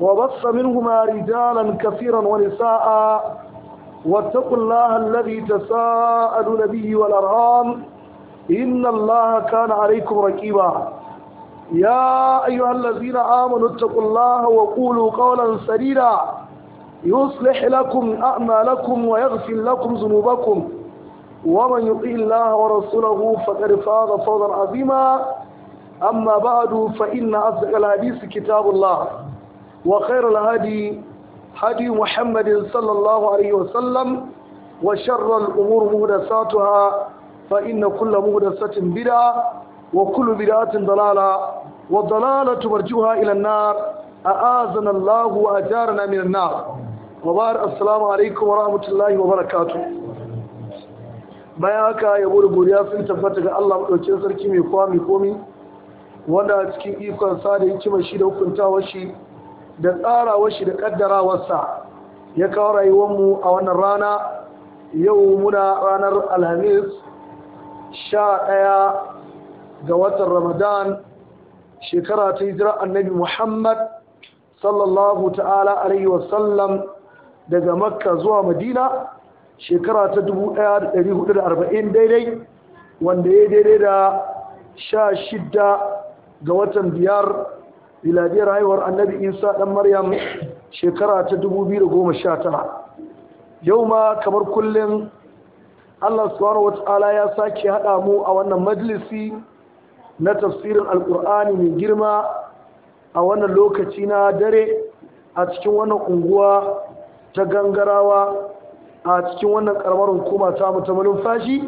وبث منهما رجالا كثيرا ونساء واتقوا الله الذي تساءلون به والأرهام إن الله كان عليكم ركيبا يا أيها الذين آمنوا اتقوا الله وقولوا قولا سديدا يصلح لكم أعمالكم ويغفر لكم ذنوبكم ومن يطيع الله ورسوله فقد فاز فوزا عظيما أما بعد فإن أصدق الحديث كتاب الله وخير الهدي هدي محمد صلى الله عليه وسلم وشر الأمور مهدساتها فإن كل مهدسة بدعة وكل بدعة ضلالة والضلالة مرجوها إلى النار أعاذنا الله وأجارنا من النار وبار السلام عليكم ورحمة الله وبركاته bayan haka ya bude godiya sun tabbata ga Allah madaukakin sarki mai kowa mai komi wanda a cikin ikon sa da hikimar shi da hukuntawar shi da tsarawar shi da kaddarawarsa ya kawo rayuwar mu a wannan rana yau muna ranar alhamis sha ɗaya ga watan ramadan shekara ta hijira annabi muhammad sallallahu ta'ala alaihi wasallam daga makka zuwa madina shekara ta 1440 daidai wanda ya daidai da sha shidda ga watan biyar biladiyar haihuwar annabi isa ɗan maryam shekara ta 2019 yau ma kamar kullum allah subhanahu wataala ya sake haɗa mu a wannan majalisi na tafsirin alƙur'ani mai girma a wannan lokaci na dare a cikin wannan unguwa ta gangarawa a cikin wannan ƙaramar hukuma ta mu fashi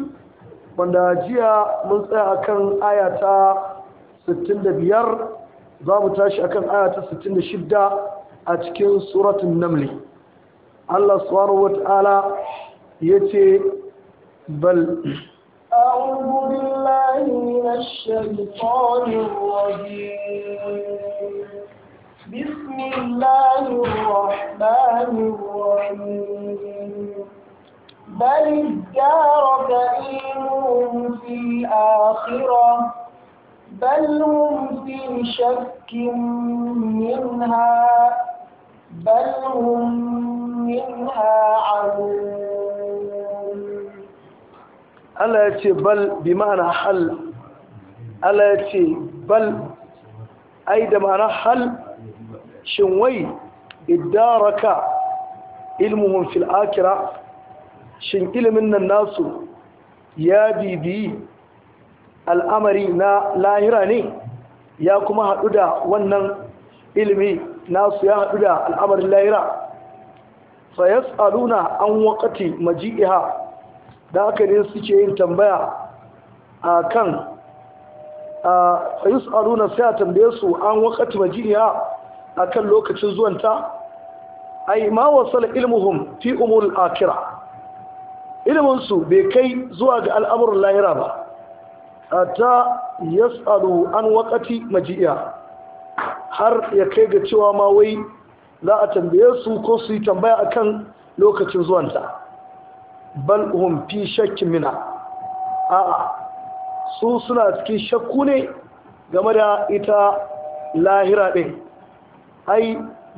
wanda jiya mun tsaya akan aya ta 65 za mu tashi akan aya ta 66 a cikin suratun namli Allah subhanahu wa ta'ala ya ce bal a'udhu billahi minash shaitanir rajim bismillahir rahmanir rahim بل ادارك علمهم في الآخرة بل هم في شك منها بل هم منها عمون ألا يأتي بل بمعنى حل ألا يأتي بل أي ده حل شنوي ادارك علمهم في الآخرة شن من الناس يا ya bibi الأمر لا يراني ya kuma haɗu da wannan ilimi nasu ya haɗu da al'amarin lahira a nuna an waqati maji'iha da aka ne suke yin tambaya a akan a nuna sai a tambaye su an iha maji'iha kan lokacin zuwanta A ma wasala ilmuhun fi umuril akhirah ilminsu bai kai zuwa ga al'amuran lahira ba ta yas'alu an waqati maji'a har ya kai ga cewa ma wai za a tambaye su ko su yi tambaya kan lokacin zuwanta bal hum fi shakkin mina a'a su suna cikin shakku ne game da ita lahira din ai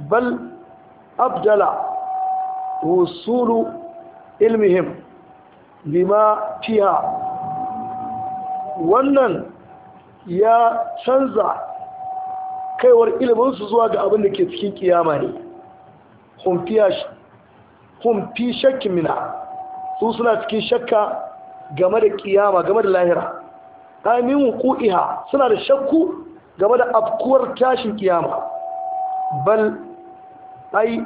bal abdala wusulu ilmihim bima fiha wannan ya canza kaiwar iliminsu zuwa ga abin da ke cikin kiyama ne humfi shakki mina su suna cikin shakka game da kiyama game da lahira amin iha suna da shakku game da afkuwar tashin kiyama bal ai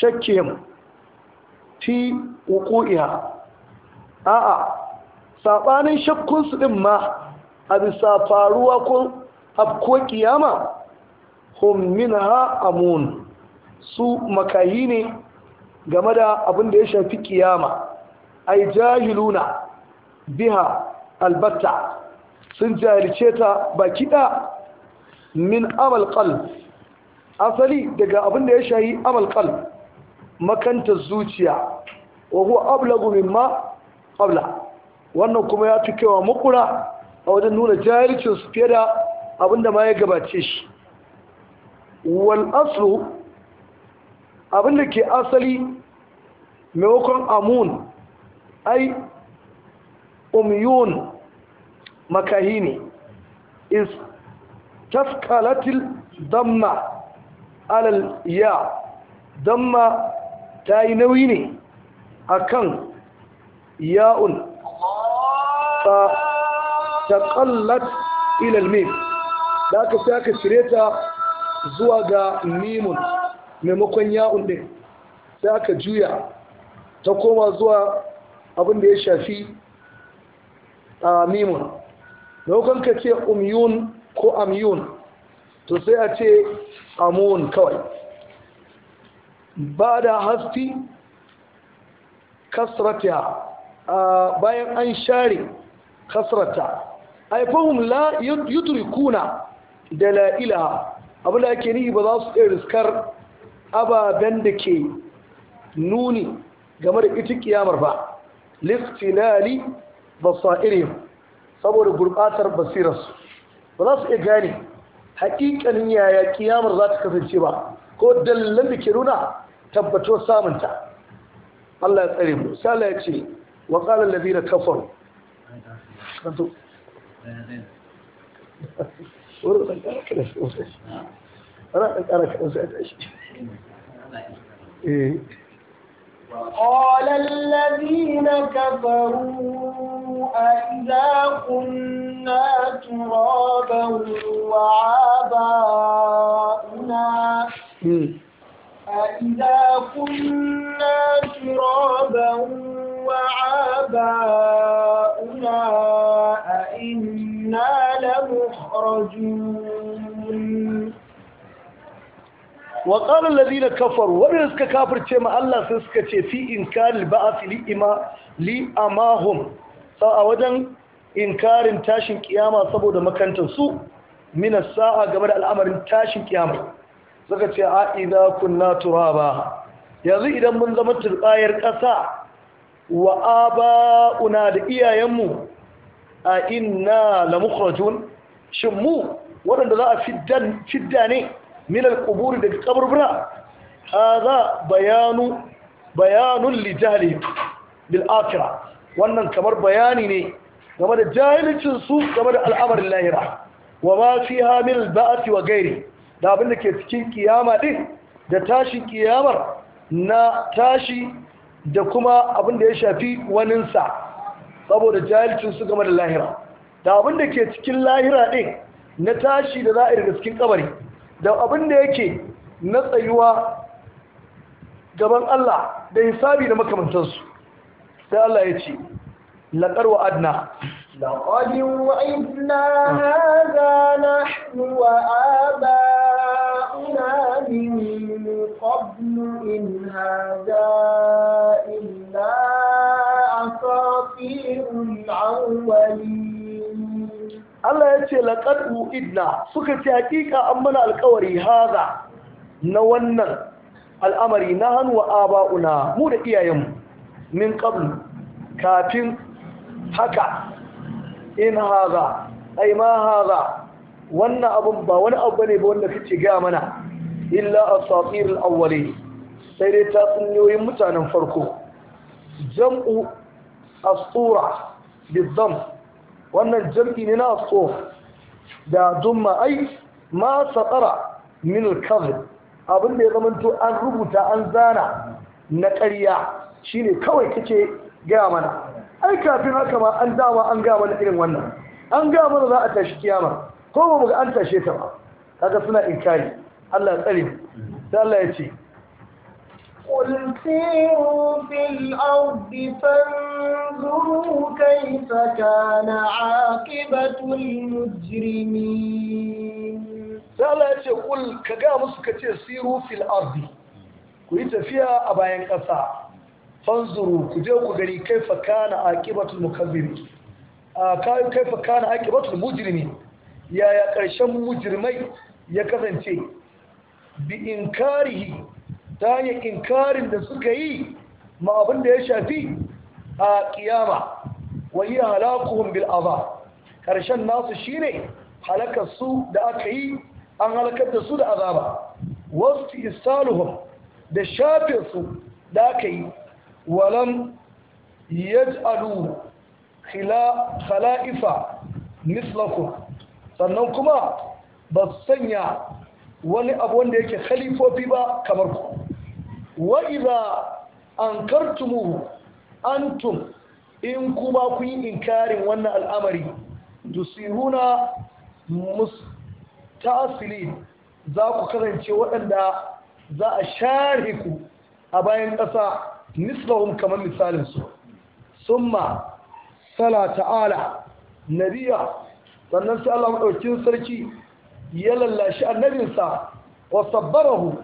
shakki yamma. fi a a'a sabanin shakkunsu din ma a bisa faruwa ko afko kiyama hum minha amun su makayi ne game da abin da ya shafi kiyama ai jahiluna biha albatta sun jahilce ta baki da min amal asali daga abin da ya shayi amal qalb makanta zuciya wa huwa ablagu mimma Abla. wannan kuma ya fi kewa makura? a wajen nuna su fiye da abinda ma ya gabace shi wal aslu abinda ke asali maimakon amun ai umyun makahini is tafkalatil damma alal ya damma ta yi nauyi ne a kan ya'un ta taqallat ila al-mim da aka sai aka cire ta zuwa ga mimun maimakon ya'un din sai aka juya ta koma zuwa abin da ya shafi a mimun maimakon ka ce umyun ko amyun to sai a ce amun kawai ba da haski kasrata bayan an share kasrata ai fahum la yutrikuna da Laila, abu abin da ake nihi ba za su iya riskar ababen da ke nuni game da ita kiyamar ba listilali basairihim saboda gurbatar basirarsu ba za su iya gane haƙiƙanin yaya kiyamar za ta kasance ba ko dalilan da ke nuna tabbato samunta Allah ya tsare mu sai Allah ya ce wa qala allazina kafaru ورضك وقال الذين كفروا أئذا كنا ترابا وعباؤنا أئذا كنا ترابا وعباؤنا يخرجون وقال الذين كفروا ومن سكا كافر تيما الله سكا في إنكار البعث لإما لأماهم فأودا إنكار تاشن قيامة سبو دمكان تنسو من الساعة قبل الأمر تاشن قيامة سكا تي إذا كنا ترابا yanzu idan mun zama turbayar ƙasa wa aba'una da iyayenmu a inna lamukhrajun shin mu waɗanda za a fidda ne minal kuburi daga kaburbura haza bayanu bayanun lijali bil'afira? wannan kamar bayani ne game da jahilcin su game da al'amarin lahira wa ma fi hamil ba'ati wa gairi da abin da ke cikin kiyama ɗin da tashin kiyamar na tashi da kuma abin da ya shafi waninsa saboda jahilcin su game da lahira da abin da ke cikin lahira ɗin na tashi da za a cikin kabari da abin da yake na tsayuwa gaban Allah da hisabi da makamantansu sai Allah ya ce laƙar wa'adna لقد وعدنا هذا نحن وآباؤنا من قبل إن هذا إلا أساطير Allah ya ce laqad idna suka ce haƙiƙa an mana alƙawari haza na wannan al'amari na hannu aba'una mu da iyayen min ƙablu kafin haka in haza ai ma haza wannan abin ba wani abu ne ba wanda kace gaya mana illa a al-awwalin sai dai tatsuniyoyin mutanen farko jam'u asura bizam wannan jam'i ne na tsof da dumma ai ma saƙara min al abin da ya zamanto an rubuta an zana na shi ne kawai kake gaya mana ai kafin haka ma an dama an gaya mana irin wannan an gaya mana za a tashi kiyama ko ba mu ga an tashe ta ba kaga suna inkari Allah ya tsare sai Allah ya ce قل سيروا في الأرض فانظروا كيف كان عاقبة المجرمين Allah ya ce kul ka ga musu kace ce siru fil ardi ku yi tafiya a bayan ƙasa fanzuru ku je ku gani kaifa kana aqibatul mukazzibin kaifa kana aqibatul mujrimin yaya ƙarshen mujrimai ya kasance bi inkarihi ta hanyar inkarin da suka yi ma abin da ya shafi a kiyama wani halakuhun bil'aza ƙarshen nasu shine halakar su da aka yi an halakar da su da azaba wasu isaluhun da shafe su da aka yi Walan yaj'alu khala'ifa mislakum sannan kuma ba su sanya wani abu wanda yake khalifofi ba kamar ku wa'iza an kartumu antum in kuma ku yi inkarin wannan al'amari tusiruna mustasili za ku kasance waɗanda za a share ku a bayan ƙasa mislahum kamar su, summa sala ta'ala nabiya sannan sai Allah sarki ya lallashi annabinsa wa sabbarahu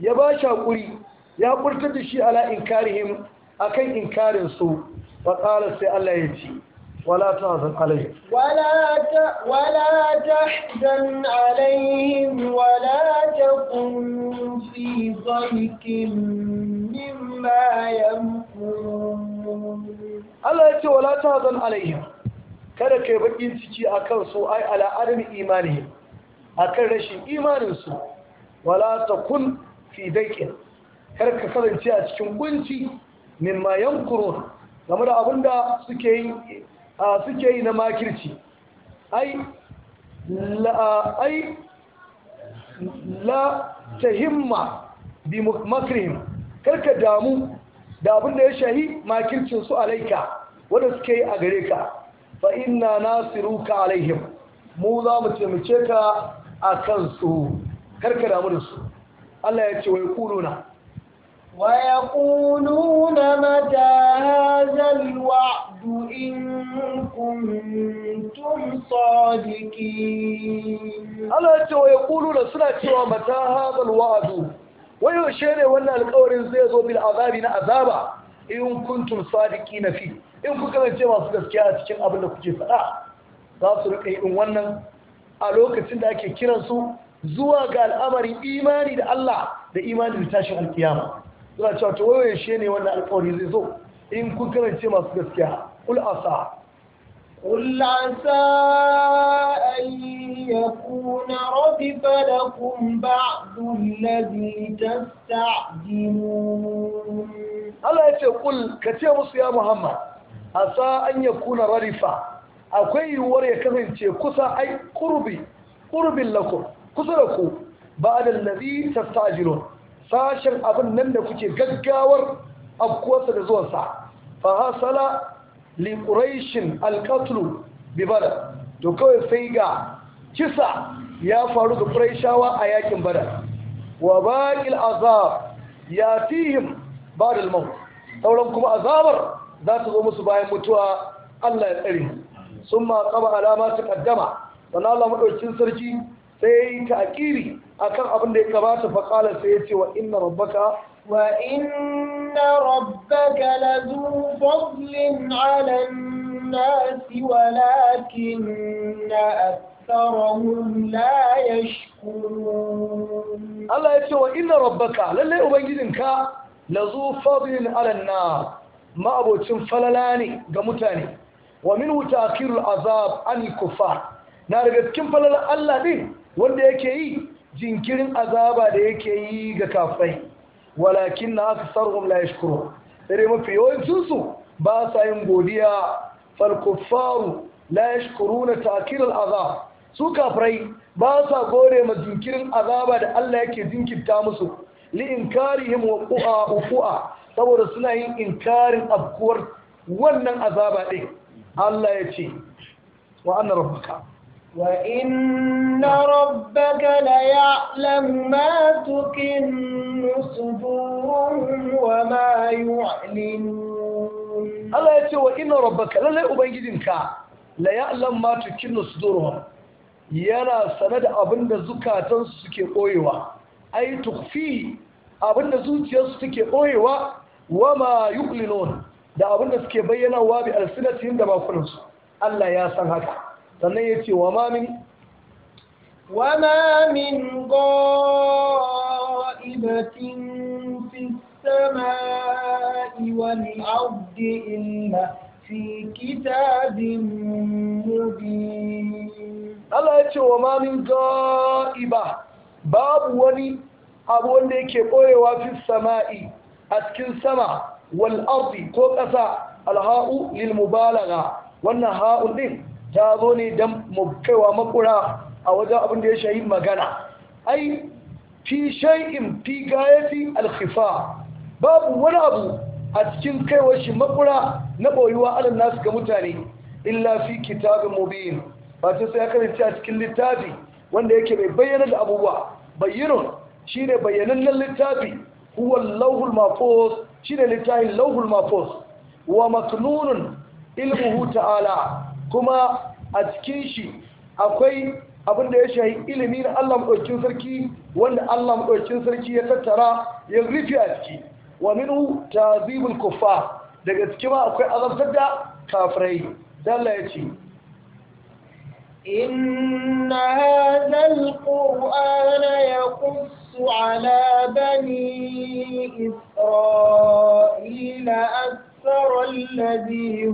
ya ba shi haƙuri ya furta da shi ala inkarihim akan inkarin su wa qala sai Allah ya ce wala ta san alai wala ta wala ta dan alaihim wala ta qul fi dhikrim mimma yamkurun Allah ya ce wala ta san alai kada kai bakin ciki akan su ai ala adam imani akan rashin imanin su wala ta qul fi dhikrim kar ka kasance a cikin gunci mimma yankuro game da abin da suke yi suke yi na makirci ai ai la himma bi makrihim kar ka damu da abin da ya shahi makircin su alaika wanda suke yi a gare ka fa inna nasiruka alaihim mu za mu taimake ka a kansu karka damu da su Allah ya ce wai kuluna ويقولون متى هذا الوعد إن كنتم صادقين الله يتوى يقولون سنة متى هذا الوعد ويشير وانا القول زيز بالعذاب عذابا إن كنتم صادقين فيه in kuka zance masu gaskiya a cikin abin da kuke faɗa za su rika yin wannan a lokacin da ake kiransu zuwa ga al'amarin imani da Allah da imani da tashin alkiyama suna cewa to shi ne wanda alƙawari zai zo in kun karance masu gaskiya kul asa قل عسى أن يكون ردف لكم بعض الذي تستعجلون الله يقول كتير يا محمد عسى أن يكون ردفا akwai yiwuwar ya kasance kusa ai kurbi kurbin kusa da ku ba da lazi tastajilun sashen abin nan da kuke gaggawar afkuwarsa da zuwansa fa hasala li alqatlu bi badar to kawai sai ga kisa ya faru da quraishawa a yakin badar wa baqil azab yatihim ba'da al sauran kuma azabar za ta zo musu bayan mutuwa Allah ya tsare sun ma kaba alama su kaddama sannan Allah madaukakin sarki sai ta akiri akan abin da ya gabata fa qala sai ya ce wa inna rabbaka wa inna rabbaka lazu fadlin 'ala an-nas walakinna aktharahum la yashkurun Allah ya ce wa inna rabbaka lalle ubangijinka lazu fadlin 'ala an-nas ma'abocin falala ne ga mutane wa minhu ta'khirul azab an kufa. na daga cikin falalar Allah din wanda yake yi jinkirin azaba da yake yi ga kafai walakin na aka sarhum la yashkuru sai mafi yawancinsu ba sa yin godiya falkufaru la yashkuru na takirar azab su kafirai ba sa gode ma jinkirin azaba da Allah yake jinkirta musu li inkarihim wa qu'a'a uqu'a saboda suna yin inkarin afkuwar wannan azaba ɗin Allah ya ce wa'annan anna وإن ربك ليعلم ما تكن صدورهم وما يعلنون الله يقول وإن ربك لا لا أبيجدك لا يعلم ما تكن صدورهم yana sane da abin da zukatansu suke ɓoyewa ai tukfi abin da zuciyarsu suke ɓoyewa wa ma yu'linun da abin da suke bayyanawa bi alsinatin da bakunansu Allah ya san haka sannan ya ce wa ma min وما من غائبة في السماء والأرض إلا في Allah ya ce wa ma min ga'iba babu wani abu wanda yake ɓoyewa fi sama'i a cikin sama wal ardi ko ƙasa alha'u lil mubalaga wannan ha'u ɗin. ta zo ne don mu kaiwa makura a wajen abin da ya shayi magana ai fi shay'in fi gayati alkhifa babu wani abu a cikin kaiwar shi makura na boyuwa alal nasu ga mutane illa fi kitabin mubin ba ta sai aka rinci a cikin littafi wanda yake bai bayyana da abubuwa shi ne bayyanannen littafi huwa lauhul Shi ne littafin lauhul mafus wa maknunun ilmuhu ta'ala kuma a cikin shi akwai abin da ya shahi ilimi na Allah maɗaukin sarki wanda Allah maɗaukin sarki ya tattara ya rufe a ciki wa ta zibin kuffa daga ciki ma akwai azabtar da kafirai dalla ya ce إن هذا القرآن bani على بني إسرائيل أكثر الذي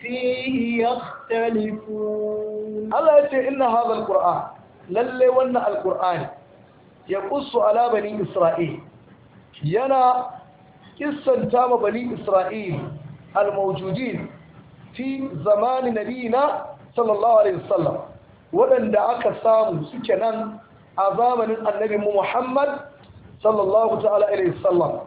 fihi yakhtalifun Allah ya ce inna hadha alquran lalle wannan alqur'ani ya qussu ala bani isra'il yana ta ma bani isra'il almawjudin fi zamanin nabiyina sallallahu alaihi wasallam waɗanda aka samu suke nan a zamanin annabi Muhammad sallallahu ta'ala alaihi wasallam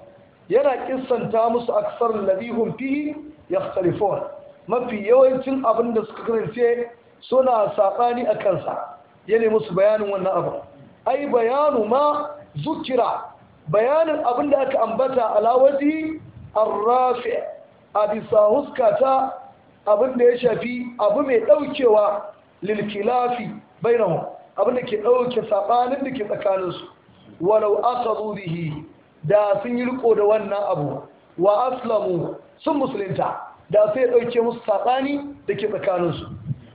yana ta musu aksar ladihum fihi yakhtalifun mafi yawancin abin da suka karance suna saɓani a kansa ya nemi su bayanin wannan abin ai bayanu ma zukira bayanin abin da aka ambata alawadi arrafi a bisa huska abin da ya shafi abu mai ɗaukewa lilkilafi bainahu abin da ke ɗauke saɓanin da ke tsakaninsu walau aka bihi da sun yi riko da wannan abu wa aslamu sun musulunta da sai ɗauke musu saɓani da ke tsakaninsu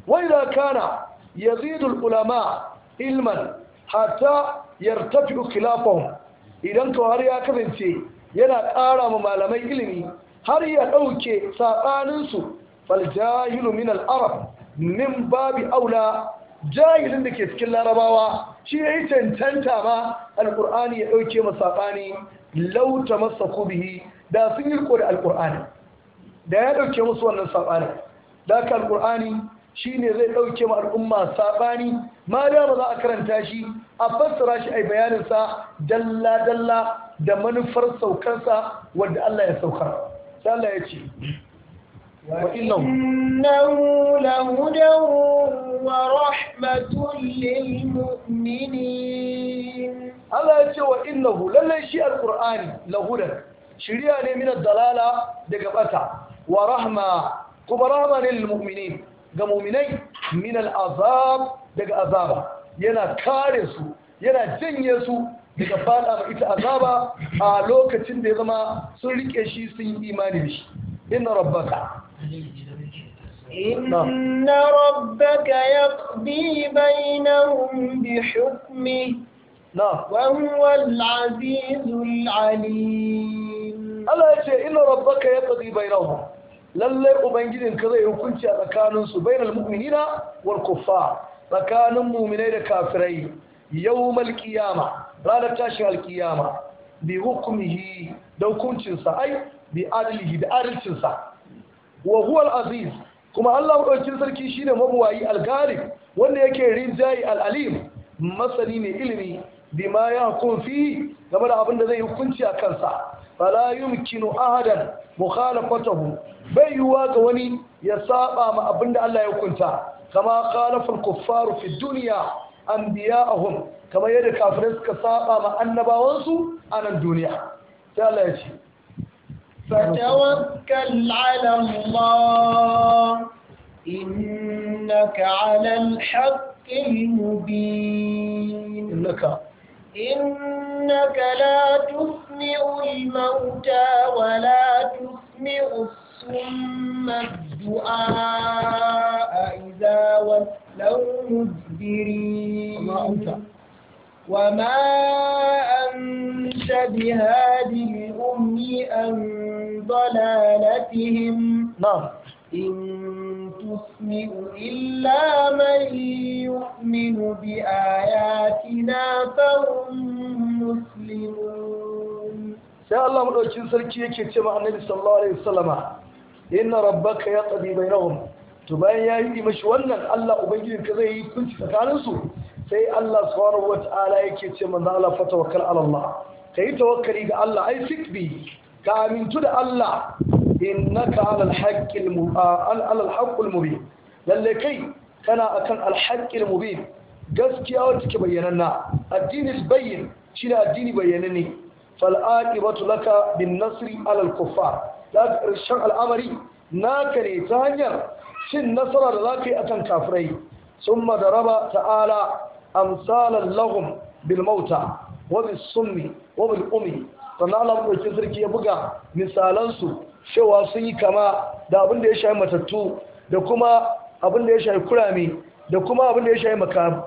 wani da kana yazidul ulama ilman hatta yartafi khilafahum idan to har ya kasance yana ƙara ma malamai ilimi har ya ɗauke saɓaninsu faljahilu min arab min babi aula jahilin da ke cikin larabawa shi ya yi ma alƙur'ani ya ɗauke ma saɓani lauta masa kubihi da sun yi riko da alƙur'ani da ya ɗauke musu wannan saɓani da aka alƙur'ani shi ne zai ɗauke ma al'umma saɓani ma da ba za a karanta shi a fassara shi a bayaninsa dalla-dalla da manufar saukansa wadda Allah ya saukar. Allah ya ce, وإنه لهدى ورحمة للمؤمنين الله يقول وإنه للي شيء القرآن لهدى شريعة من الضلالة دقبتها wa rahma kuma rahma ne ga mu'minai min al'azab daga azaba yana kare su yana janye su daga fada ma ita azaba a lokacin da ya zama sun rike shi sun yi imani da shi inna rabbaka إن ربك يقضي بينهم بحكمه وهو العزيز العليم الله يقول إن ربك يقضي بينهم lallai ubangijin ka zai hukunci a tsakaninsu bainal mu'minina wal kuffar tsakanin mu'minai da kafirai yawmal qiyama ranar tashin alkiyama bi hukumihi da hukuncinsa ai bi adlihi da adalcinsa wa huwa al-aziz kuma Allah madaukakin sarki shine mabuwayi al wanda yake rinjayi al-alim masani ne ilimi bima ya kun fi game da abin da zai hukunci a kansa fala yumkinu ahadan mukhalafatahu bai yiwuwa ga wani ya saba ma abinda Allah ya hukunta kama khalafal kuffaru fi dunya anbiya'ahum kama yadda kafirai suka saba ma annabawansu a nan duniya sai Allah ya ce فتوكل على الله إنك على الحق المبين إنك إنك لا تفلح تسمع الموتى ولا تسمع الصم الدعاء إذا ولوا مدبرين وما أنت بهادي الأمي أن ضلالتهم نعم إن تسمع إلا من يؤمن بآياتنا فهم مسلمون sai Allah madaukin sarki yake ce ma annabi sallallahu alaihi wasallama inna rabbaka yaqdi bainahum to bayan ya yi wannan Allah ubangijin ka zai yi kunci tsakanin su sai Allah subhanahu wataala yake ce manzo Allah fa ala Allah kai tawakkali ga Allah ai bi. ka amintu da Allah innaka ala alhaqqil ala alhaqqil mubin lalle kai kana akan alhaqqil mubin gaskiya wacce ke bayyananna addini bayyin ne addini bayyana ne. fal'aqibatu laka bin nasri alal kuffar da ƙarshen al'amari naka ne ta hanyar cin nasara da zaka yi akan kafirai summa raba ta'ala amsalan lahum Bilmauta, Wani wa bis summi ummi sannan Allah sarki ya buga misalansu cewa sun yi kama da abin da ya shafi matattu da kuma abin da ya shafi kurame da kuma abin da ya shayi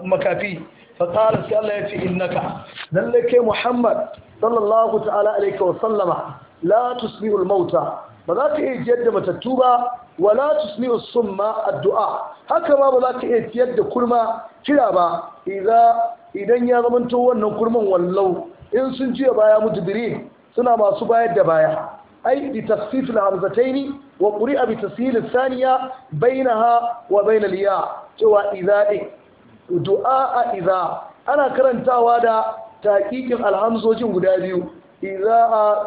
makafi fatara sai Allah ya ce innaka lalle kai Muhammad sallallahu ta'ala alaihi wa sallama la tusmi'ul mauta ba za ka iya jiyar da matattu ba wa la tusmi'u summa addu'a haka ma ba za ka iya jiyar da kurma kira ba idan ya zamanto wannan kurman wallau in sun jiya baya mutu-biri, suna masu bayar da baya ai bi tafsifil hamzataini wa quri'a bi tashil thaniya bainaha wa bainal ya cewa iza du'a a iza ana karantawa da taƙiƙin alhamzojin guda biyu iza a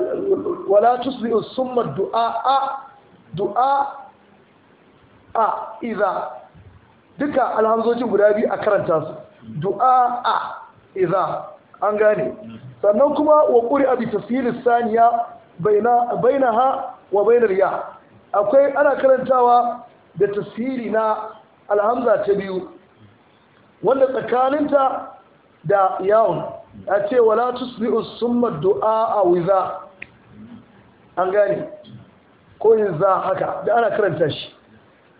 wala tusbi'u summa du'a a du'a a iza duka alhamzojin guda biyu a karanta su du'a a iza an gane sannan kuma wa ƙuri abi tasirin saniya baina ha wa bainar ya akwai ana karantawa da tasiri na alhamza ta biyu wanda tsakaninta da yawon a ce wala tusmi'u summa du'a a wiza an gane ko yin za haka da ana karanta shi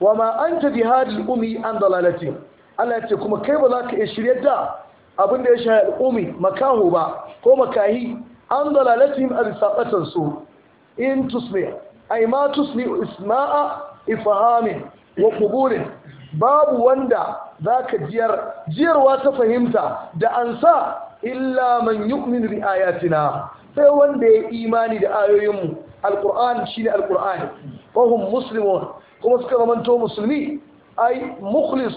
wa ma an ta bihadil umi an dalalati Allah ya ce kuma kai ba za ka iya shirya da abin da ya shahi al'umi makaho ba ko makahi an dalalati a bisa su in tusmi ai ma tusmi isma'a ifahamin wa kuburin babu wanda za ka jiyar jiyarwa ta fahimta da ansa illa man yu'min ri'ayatina sai wanda ya imani da ayoyinmu alqur'an shine alqur'ani fa hum muslimun kuma suka zamanto musulmi ai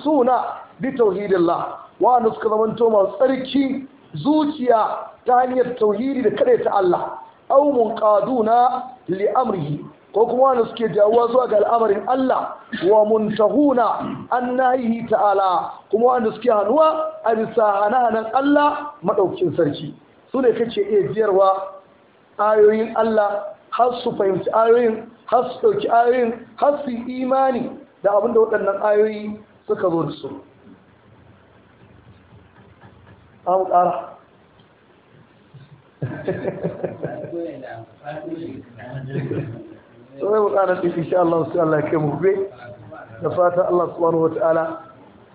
suna, bi tauhidillah wa suka zamanto masu tsarki zuciya ta hanyar tauhidi da ta Allah aw ƙaduna li amrihi ko kuma wani suke jawuwa zuwa ga al'amarin Allah wa muntahuna an nahihi ta'ala kuma wani suke hannuwa a bisa hana-hanan Allah maɗaukin sarki su ne kace iya jiyarwa ayoyin Allah har su fahimci ayoyin har su ɗauki ayoyin har su imani da abin da waɗannan ayoyi suka zo da su. Thank you. so zai bukana su insha Allah su Allah ke mu gobe da fata Allah subhanahu ta'ala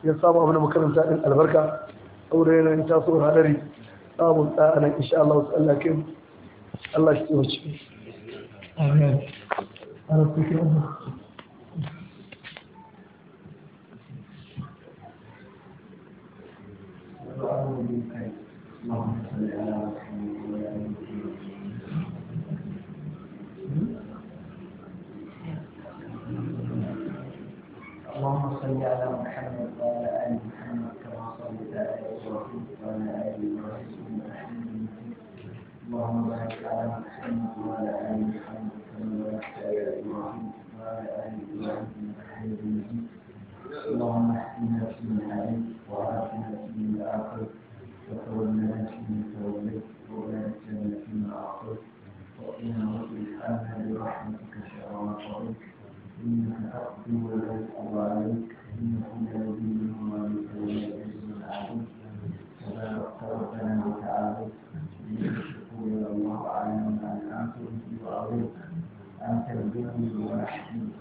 ya samu abin da makaranta din albarka saboda ta taso hadari da tsana insha Allah su Allah kai mu Allah shi tsoci amin اللهم صل da محمد اللهم صل على محمد وعلى ال محمد كما صليت على ابراهيم وعلى ال ابراهيم انك اللهم بارك على محمد وعلى ال محمد كما باركت على ابراهيم وعلى ال ابراهيم انك حميد مجيد اللهم احسنا فيما عليك وعافنا فيما عافيت وتولنا فيما توليت وبارك لنا فيما اعطيت وقنا وفي عنا برحمتك شر ما قضيت انك تقضي ولا تقضي من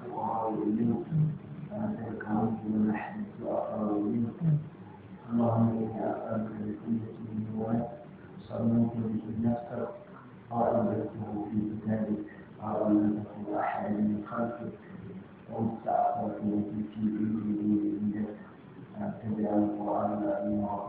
في تجعل القرآن عليم وقال